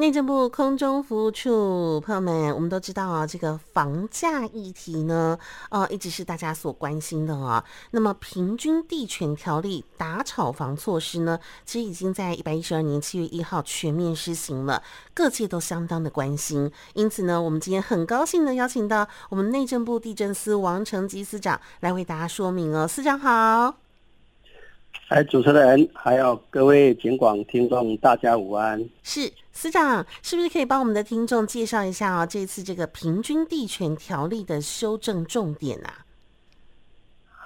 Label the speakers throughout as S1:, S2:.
S1: 內政部空中服務處朋友們，我們都知道啊，這個房價議題呢，呃，一直是大家所關心的啊。那麼，平均地權條例打炒房措施呢，其實已經在一百一十二年七月一號全面施行了，各界都相當的關心。因此呢，我們今天很高興的邀請到我們內政部地政司王成機司長來為大家說明哦。司長好。
S2: 哎，主持人，還、哎、有、哦、各位警廣聽眾，大家午安。
S1: 是司長，是不是可以幫我們的聽眾介紹一下啊、哦、這次這個平均地權條例的修正重點啊？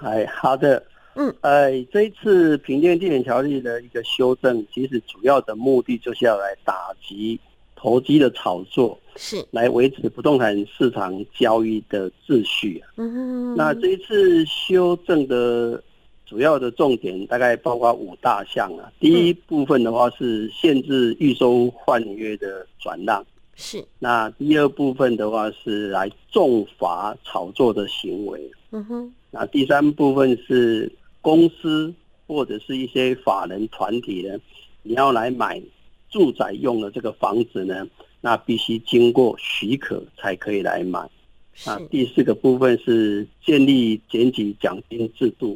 S2: 哎，好的。嗯，哎，這一次平均地權條例的一個修正，其實主要的目的就是要來打擊投機的炒作，是來維持不動產市場交易的秩序。嗯哼
S3: 哼哼，
S2: 那這一次修正的。主要的重點大概包括五大項啊。第一部分的話是限制預售換約的轉讓，嗯，是。那第二部分的話是來重罰炒作的行為。嗯哼。那第三部分是公司或者是一些法人團體呢，你要來買住宅用的這個房子呢，那必須經過許可才可以來買。是。那第四個部分是建立檢舉獎金制度。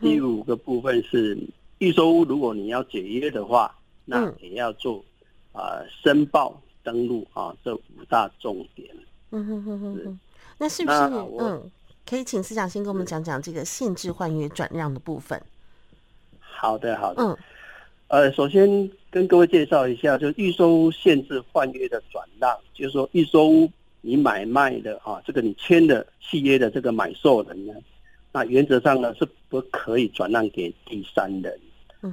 S2: 第五個部分是預收屋，如果你要解約的話，
S3: 嗯、那也
S2: 要做啊申報登錄啊，這五大重點。嗯哼
S1: 哼哼，哼那是不是我嗯？可以請司長先跟我們講講這個限制換約轉讓的部分。
S2: 好的，好的。嗯，呃，首先跟各位介紹一下，就是預收屋限制換約的轉讓，就是說預收屋你買賣的啊，這個你簽的契約的這個買受人呢。那原則上呢是不可以轉讓給第三人，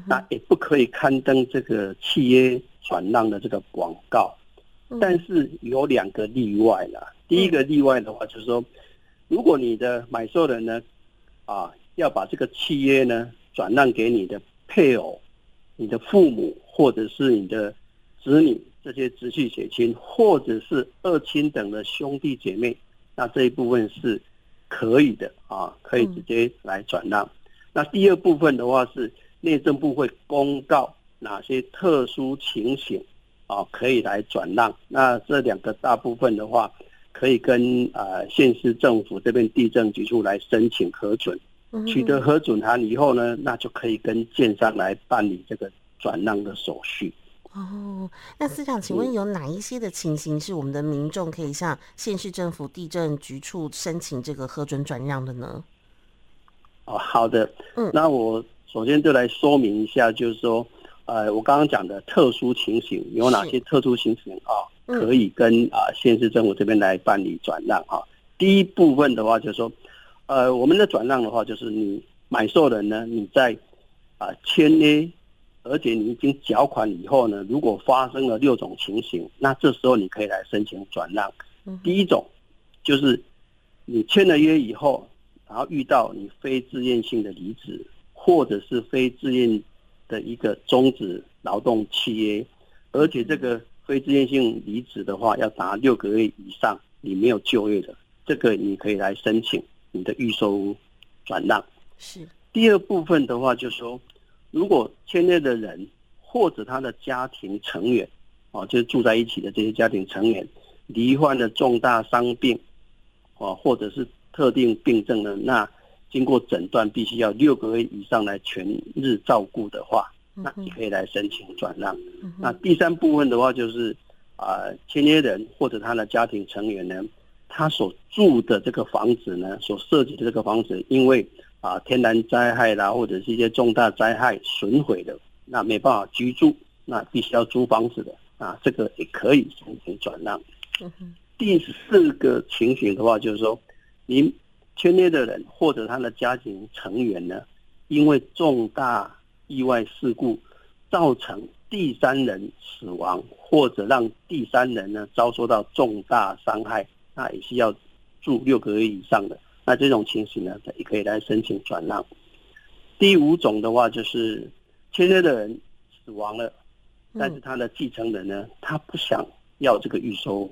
S2: 那也不可以刊登這個契約轉讓的這個廣告。但是有兩個例外了，第一個例外的話就是說，如果你的買受人呢，啊要把這個契約呢轉讓給你的配偶、你的父母或者是你的子女這些直系血親，或者是二親等的兄弟姐妹，那這一部分是。可以的啊，可以直接來轉讓。那第二部分的話是內政部會公告哪些特殊情形啊可以來轉讓。那這兩個大部分的話，可以跟呃縣市政府這邊地政局處來申請核准，取得核准函以後呢，那就可以跟建商來辦理這個轉讓的手續。
S1: 哦，那司長，請問有哪一些的情形是我們的民眾可以向縣市政府地政局處申請這個核准轉讓的呢？
S2: 哦，好的，嗯，那我首先就來說明一下，就是說，呃，我剛剛講的特殊情形有哪些特殊情形是啊，可以跟啊呃、縣市政府這邊來辦理轉讓啊。嗯、第一部分的話，就是說，呃，我們的轉讓的話，就是你買受人呢，你在啊簽約。呃而且你已經繳款以後呢，如果發生了六種情形，那這時候你可以來申請轉讓。第一種，就是你簽了約以後，然後遇到你非自願性的離職，或者是非自願的一個終止勞動契約，而且這個非自願性離職的話要達六個月以上，你沒有就業的，這個你可以來申請你的預售屋轉讓。
S3: 是。
S2: 第二部分的話，就是說。如果簽約的人或者他的家庭成員，哦，就是住在一起的這些家庭成員罹患了重大傷病，哦，或者是特定病症呢，那經過診斷必須要六個月以上來全日照顧的話，
S3: 那也可
S2: 以來申請轉讓。嗯、哼那第三部分的話就是，啊、呃，簽約人或者他的家庭成員呢，他所住的這個房子呢，所涉及的這個房子，因為。啊，天然災害啦，或者是一些重大災害損毀的，那沒辦法居住，那必須要租房子的啊，這個也可以申請轉讓。Uh huh. 第四個情形的話，就是說，您簽約的人或者他的家庭成員呢，因為重大意外事故造成第三人死亡，或者讓第三人呢遭受到重大傷害，那也是要住六個月以上的。那這種情形呢，也可以來申請轉讓。第五種的話，就是簽約的人死亡了，但是他的繼承人呢，他不想要這個預售，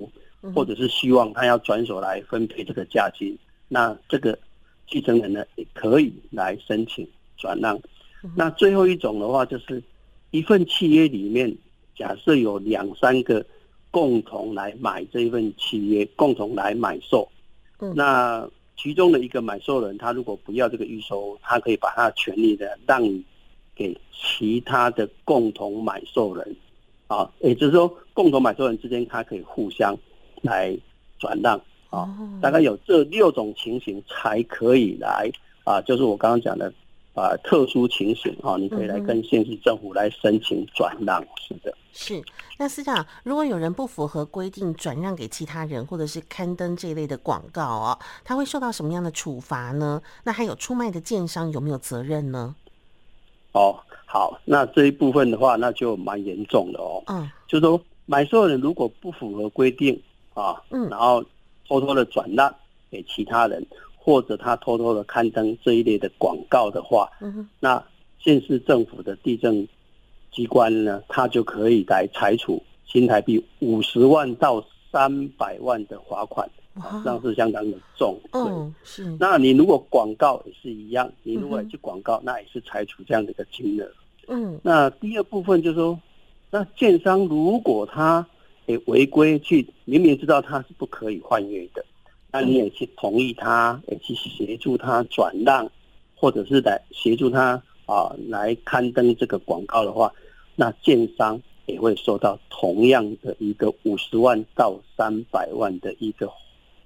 S2: 或者是希望他要轉手來分配這個價金。嗯、哼那這個繼承人呢，也可以來申請轉讓。嗯、哼那最後一種的話，就是一份契約裡面，假設有兩三個共同來買這一份契約，共同來買受。那其中的一個買受人，他如果不要這個預售，他可以把他權利的讓與給其他的共同買受人，啊，也就是說，共同買受人之間，他可以互相來轉讓，啊，大概有這六種情形才可以來，啊，就是我剛剛講的。啊，特殊情形你可以來跟縣市政府來申請轉讓，是的。
S1: 是，那司長，如果有人不符合規定轉讓給其他人，或者是刊登這一類的廣告哦，他會受到什麼樣的處罰呢？那還有出賣的建商有沒有責任呢？
S2: 哦，好，那這一部分的話，那就蠻嚴重的哦。嗯，就說買受人如果不符合規定啊，嗯，然後偷偷的轉讓給其他人。或者他偷偷的刊登這一類的廣告的話，嗯、哼那縣市政府的地政機關呢，他就可以來裁處，新台幣五十萬到三百萬的罰款，這、啊、樣是相當的重。哇對、嗯，是。那你如果廣告也是一樣，你如果來去廣告，嗯、哼那也是裁處這樣的一個金額。嗯，那第二部分就是說，那建商如果他違規去，明明知道他是不可以換約的，那你也去同意他，也去協助他轉讓，或者是來協助他啊來刊登這個廣告的話，那建商也會受到同樣的一個五十萬到三百萬的一個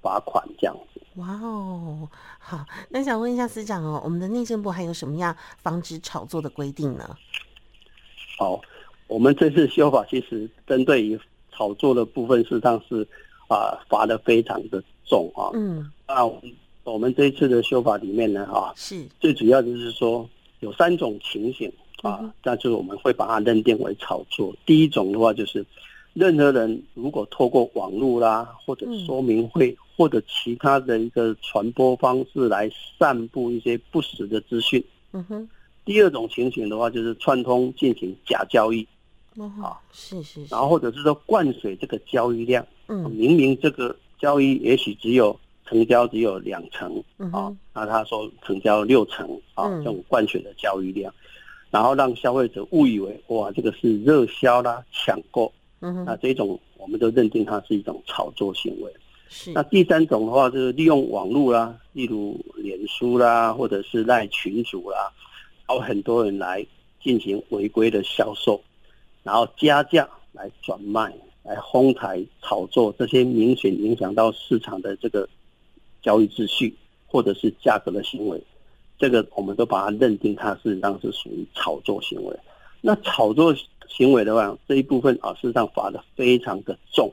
S2: 罰款這樣
S1: 子。哇哦，好，那想問一下司長哦，我們的內政部還有什麼樣防止炒作的規定呢？
S2: 好，我們這次修法其實針對於炒作的部分，事實上是啊罰得非常的。種啊，嗯，那我們這一次的修法裡面呢，啊，哈是，是最主要就是說有三種情形啊，但是，嗯、哼我們會把它認定為炒作。第一種的話就是，任何人如果透過網絡啦，或者說明會，嗯，或者其他的一個傳播方式來散布一些不實的資訊。嗯哼。第二種情形的話就是串通進行假交易，啊，嗯，是是，
S3: 是。然後或
S2: 者是說灌水這個交易量，嗯，明明這個。交易也許只有成交只有兩成啊、嗯哼哦，那他說成交六成啊，這種灌水的交易量，嗯、哼然後讓消費者誤以為哇這個是熱銷啦搶購，搶購嗯、哼那這一種我們就認定它是一種炒作行為。
S3: 是那
S2: 第三種的話就是利用網絡啦，例如臉書啦，或者是賴群組啦，然後很多人來進行違規的銷售，然後加價來轉賣。來哄抬、炒作這些明顯影響到市場的這個交易秩序或者是價格的行為，這個我們都把它認定，它事實上是屬於炒作行為。那炒作行為的話，這一部分啊，事實上罰得非常的重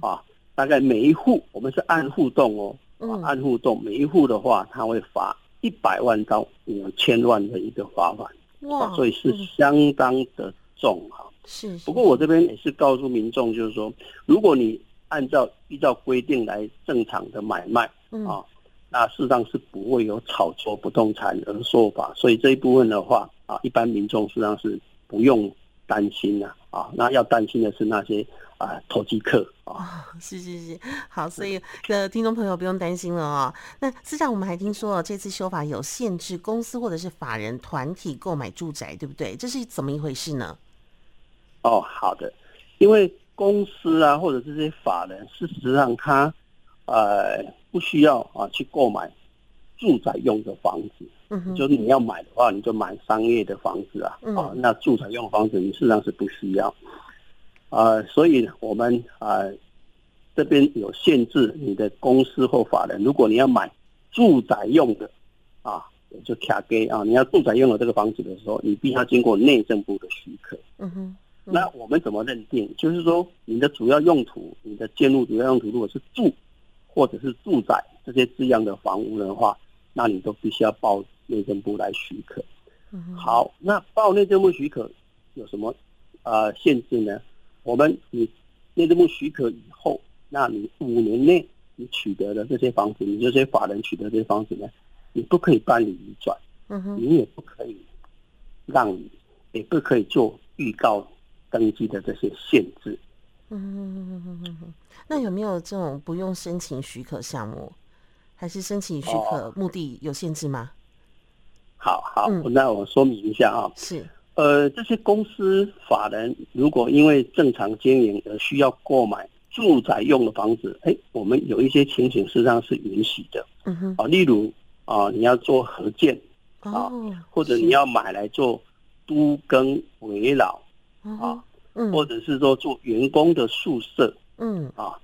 S2: 啊，大概每一戶我們是按戶棟哦、啊，按戶棟，每一戶的話，它會罰一百萬到五千萬的一個罰款，
S3: 哇，所以是
S2: 相當的重哈、啊。是，是，不過我這邊也是告訴民眾，就是說，如果你按照依照規定來正常的買賣啊，那事實上是不會有炒作不動產的說法，所以這一部分的話啊，一般民眾事實上是不用擔心了啊，啊。那要擔心的是那些啊投機客
S1: 啊。是是是，好，所以的我 聽眾朋友不用擔心了啊、哦。那事實上我們還聽說這次修法有限制公司或者是法人團體購買住宅，對不對？這是怎麼一回事呢？哦，好的。因為公司啊，或者這些法人，事實上他呃不需要
S2: 啊去購買住宅用的房子。
S3: 嗯哼，就是你
S2: 要買的話，你就買商業的房子啊。啊、嗯哼哦，那住宅用的房子你事實上是不需要。啊、呃，所以我們啊、呃、這邊有限制你的公司或法人，如果你要買住宅用的啊，就卡給啊，你要住宅用的這個房子的時候，你必須要經過內政部的許可。嗯
S3: 哼。那我們
S2: 怎麼認定？就是說，你的主要用途，你的建築主要用途如果是住，或者是住宅這些字樣的房屋的話，那你都必須要報內政部來許可。嗯哼，好，那報內政部許可有什麼呃限制呢？我們你內政部許可以後，那你五年內你取得的這些房子，你這些法人取得這些房子呢，你不可以辦理移轉，嗯，你也不可以讓你也不可以做預告。登記的這些限制，嗯，
S1: 那有沒有這種不用申請許可項目，還是申請許可目的有限制嗎？
S2: 好、哦、好，好嗯、那我說明一下啊、哦，是，呃，這些公司法人如果因為正常經營而需要購買住宅用的房子，哎、欸，我們有一些情形事實際上是允許的，啊、嗯哼哦，例如啊、哦，你要做合建，
S3: 啊、哦，或者你
S2: 要買來做都更危老。啊，嗯，或者是說做員工的宿舍，嗯，啊，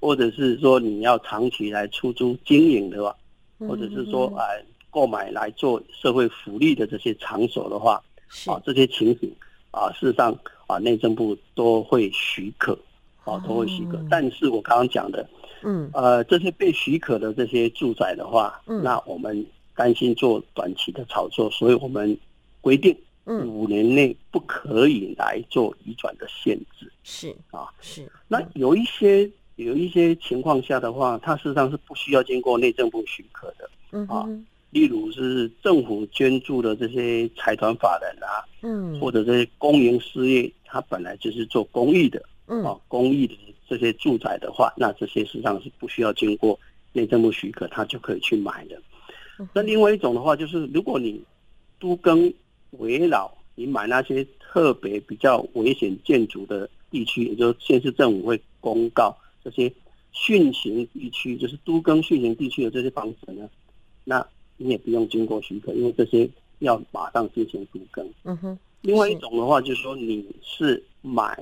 S2: 或者是說你要長期來出租經營的話，
S3: 或者是說
S2: 呃購買來做社會福利的這些場所的話，啊，這些情形啊，事實上啊，內政部都會許可，啊，都會許可。但是我剛剛講的，
S3: 嗯，
S2: 呃，這些被許可的這些住宅的話，嗯，那我們擔心做短期的炒作，所以我們規定五年內不可以來做移轉的限制，是啊，
S1: 是。
S2: 嗯、那有一些有一些情況下的話，它事實上是不需要經過內政部許可的，
S3: 啊，
S2: 嗯、哼例如是政府捐助的這些財團法人啊，嗯，或者這些公營事業，它本來就是做公益的，嗯，啊，公益的這些住宅的話，嗯、那這些事實上是不需要經過內政部許可，它就可以去買的。嗯、哼那另外一種的話，就是如果你都跟圍繞你買那些特別比較危險建築的地區，也就是縣市政府會公告這些迅行地區，就是都更迅行地區的這些房子呢，那你也不用經過許可，因為這些要馬上進行都更。嗯哼。
S3: 另外一
S2: 種的話，就是說你是買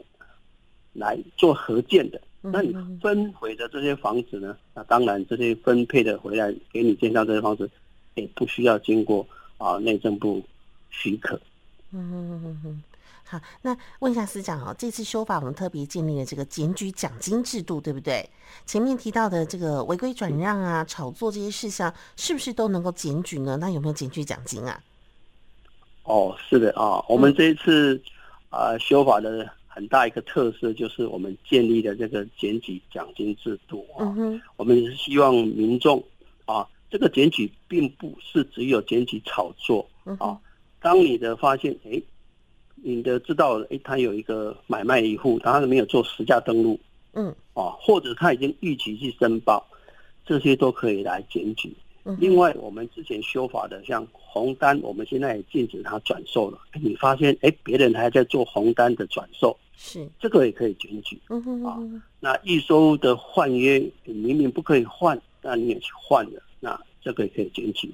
S2: 來做合建的，那你分回的這些房子呢，那當然這些分配的回來給你建造這些房子，也不需要經過啊內政部。許可，嗯哼哼，
S1: 好，那問一下司長啊，哦，這次修法我們特別建立了這個檢舉獎金制度，對不對？前面提到的這個違規轉讓啊，炒作這些事項，是不是都能夠檢舉呢？那有沒有檢舉獎金啊？
S2: 哦，是的啊，我們這一次啊，嗯呃，修法的很大一個特色就是我們建立了這個檢舉獎金制度啊，嗯，哼我們希望民眾啊，這個檢舉並不是只有檢舉炒作啊。嗯當你的發現，哎，你的知道了，哎，他有一個買賣一戶，然後他沒有做實價登錄，嗯，啊或者他已經逾期去申報，這些都可以來檢舉。嗯、哼另外，我們之前修法的，像紅單，我們現在也禁止他轉售了。你發現，哎，別人還在做紅單的轉售，
S3: 是
S2: 這個也可以檢舉。嗯、
S3: 哼啊，
S2: 那預售的換約明明不可以換，那你也去換了，那這個也可以檢舉。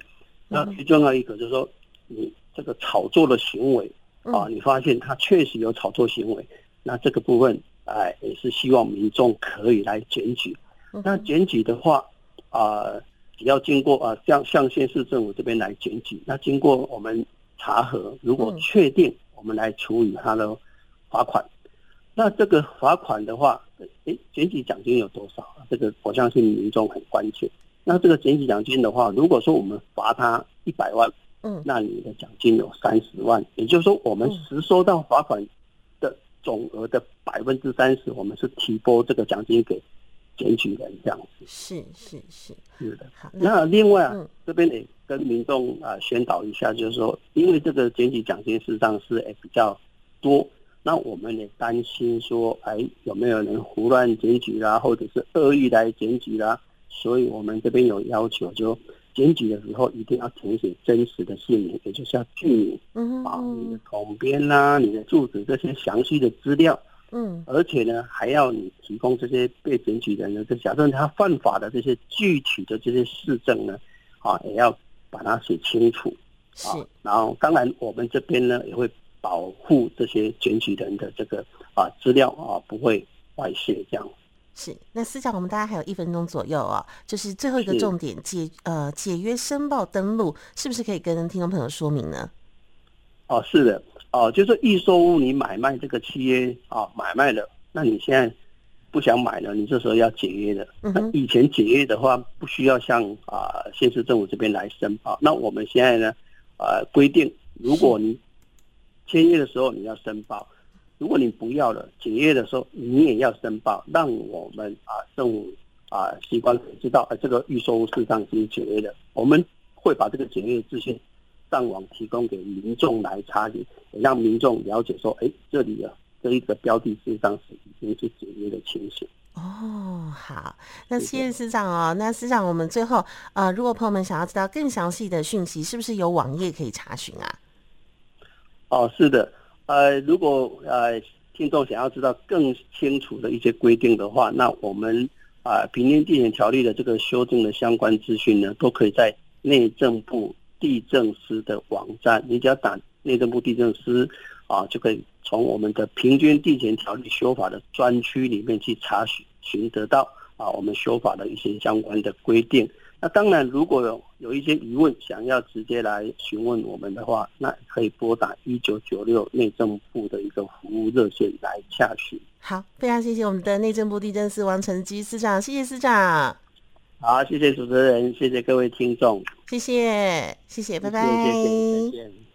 S2: 那最重要一個就是說，你、嗯。這個炒作的行為啊，你發現他確實有炒作行為，嗯、那這個部分哎、呃，也是希望民眾可以來檢舉。那檢舉的話啊、呃，只要經過啊、呃，像像縣市政府這邊來檢舉，那經過我們查核，如果確定，我們來處理他的罰款。嗯、那這個罰款的話，哎，檢舉獎金有多少？這個我相信民眾很關切。那這個檢舉獎金的話，如果說我們罰他一百萬。嗯，那你的獎金有三十萬，嗯、也就是說，我們實收到罰款的總額的百分之三十，嗯、我們是提撥這個獎金給檢舉人這樣子。是
S1: 是是是的。那,那另外啊，
S2: 嗯、這邊也跟民眾啊宣導一下，就是說，因為這個檢舉獎金事實上是比較多，那我們也擔心說，哎有沒有人胡亂檢舉啦，或者是惡意來檢舉啦，所以我們這邊有要求就。檢舉的時候，一定要填寫真實的姓名，也就是要註明嗯嗯啊，你的統編吶、啊，你的住址這些詳細的資料。嗯，而且呢，還要你提供這些被檢舉的人的，就假設他犯法的這些具體的這些事證呢，啊，也要把它寫清楚。啊，是然後，當然，我們這邊呢也會保護這些檢舉人的這個啊資料啊，不會
S3: 外泄這樣。
S1: 是，那私下我們大概還有一分鐘左右啊、哦，就是最後一個重點是解呃解約申報登錄，是不是可以跟聽眾朋友說明呢？哦，
S2: 是的，哦，就是預售屋你買賣這個契約啊買賣了，那你現在不想買了，你這時候要解約的。
S3: 那、嗯、哼以前
S2: 解約的話不需要向啊、呃，縣市政府這邊來申報。那我們現在呢，呃，規定如果你簽約的時候你要申報。是如果你不要了，解約的時候，你也要申報，讓我們啊，政務啊，機關知道，啊，這個預售市場已經解約的，我們會把這個解約資訊上網提供給民眾來查詢，讓民眾了解說，哎、欸，這裡啊，這一個標的事項是已經去解約
S3: 的情形。
S1: 哦，好，那謝謝司長哦，謝謝那司長，我們最後啊、呃，如果朋友們想要知道更詳細的訊息，是不是有網頁可以查詢啊？
S2: 哦，是的。呃，如果呃聽眾想要知道更清楚的一些規定的話，那我們啊、呃、平均地權條例的這個修正的相關資訊呢，都可以在內政部地政司的網站，你只要打內政部地政司啊，就可以從我們的平均地權條例修法的專區裡面去查詢，詢得到啊，我們修法的一些相關的規定。那當然，如果有有一些疑問想要直接來詢問我們的話，那可以撥打一九九六內政部的一個服務熱線來洽詢。
S1: 好，非常謝謝我們的內政部地政司王成機司長，謝謝司長。好，謝謝主持人，謝謝
S2: 各位聽眾，謝
S1: 謝，謝謝，拜拜，謝謝，再見。謝謝再見。